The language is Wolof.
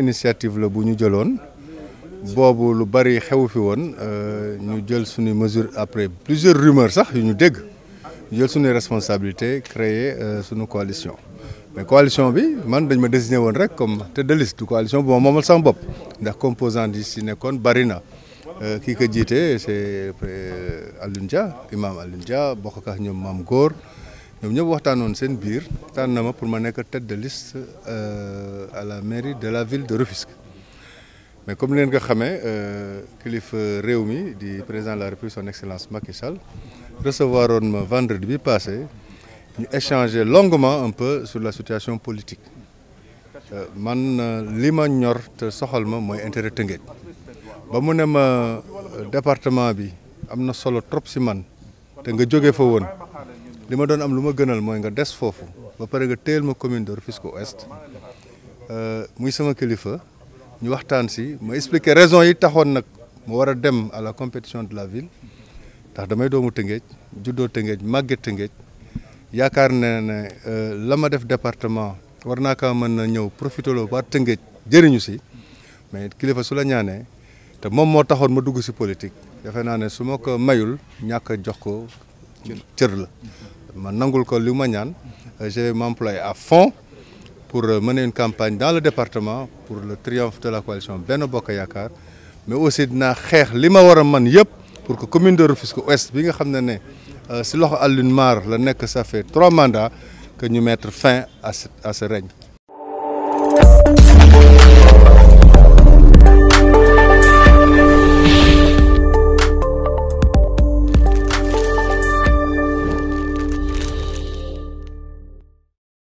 initiative la bu ñu jëloon lu bari xewu fi euh, ñu jël suñu mesure après plusieurs rumeurs sax yu ñu dégg de jël suñu responsabilité créer euh, suñu coalition mais coalition bi man dañ ma désigné rek comme tête de liste du coalition bu momal moomal sama composante ndax composant di ci nekkoon bari na euh, ko jité c'est Alunja, imam Alunja, Dia bokk ak Gor ñom ñëpp waxtanon seen biir tànn pour ma nek tête de liste euh, à la mairie de la ville de Rufisque mais comme leen nga xamé euh réew mi di président de la république son excellence Macky Sall recevoir ma vendredi bi passé ñu échanger longuement un peu sur la situation politique euh, man euh, li ma ñor te soxal ma moy intérêt Tëngéej ba mu ne ma département bi am solo trop ci man te nga joggé fa woon li ma doon am lu ma gënal mooy nga des foofu ba pare nga téel ma commune de Rufisque Ouest euh, muy sama kilifa ñu waxtaan si ma expliquer raison yi taxoon nag mu war a dem à la compétition de la ville ndax damay doomu Tëngéej juddoo Tëngéej màgge Tëngéej yaakaar ne ne euh, la ma def département war naa ka mën na ñëw profité loo waa Tëngéej jëriñu si mais kilifa su la ñaanee te moom moo taxoon ma dugg si politique defe naa ne su ma ko mayul ñàkk jox ko cër la ma nangul ko euh, je vais m'employer à fond pour euh, mener une campagne dans le département pour le triomphe de la coalition Benobokayakar. mais aussi faire ce pour que commune de Rufisque Ouest euh, si la ça fait trois mandats que nous mettre fin à ce règne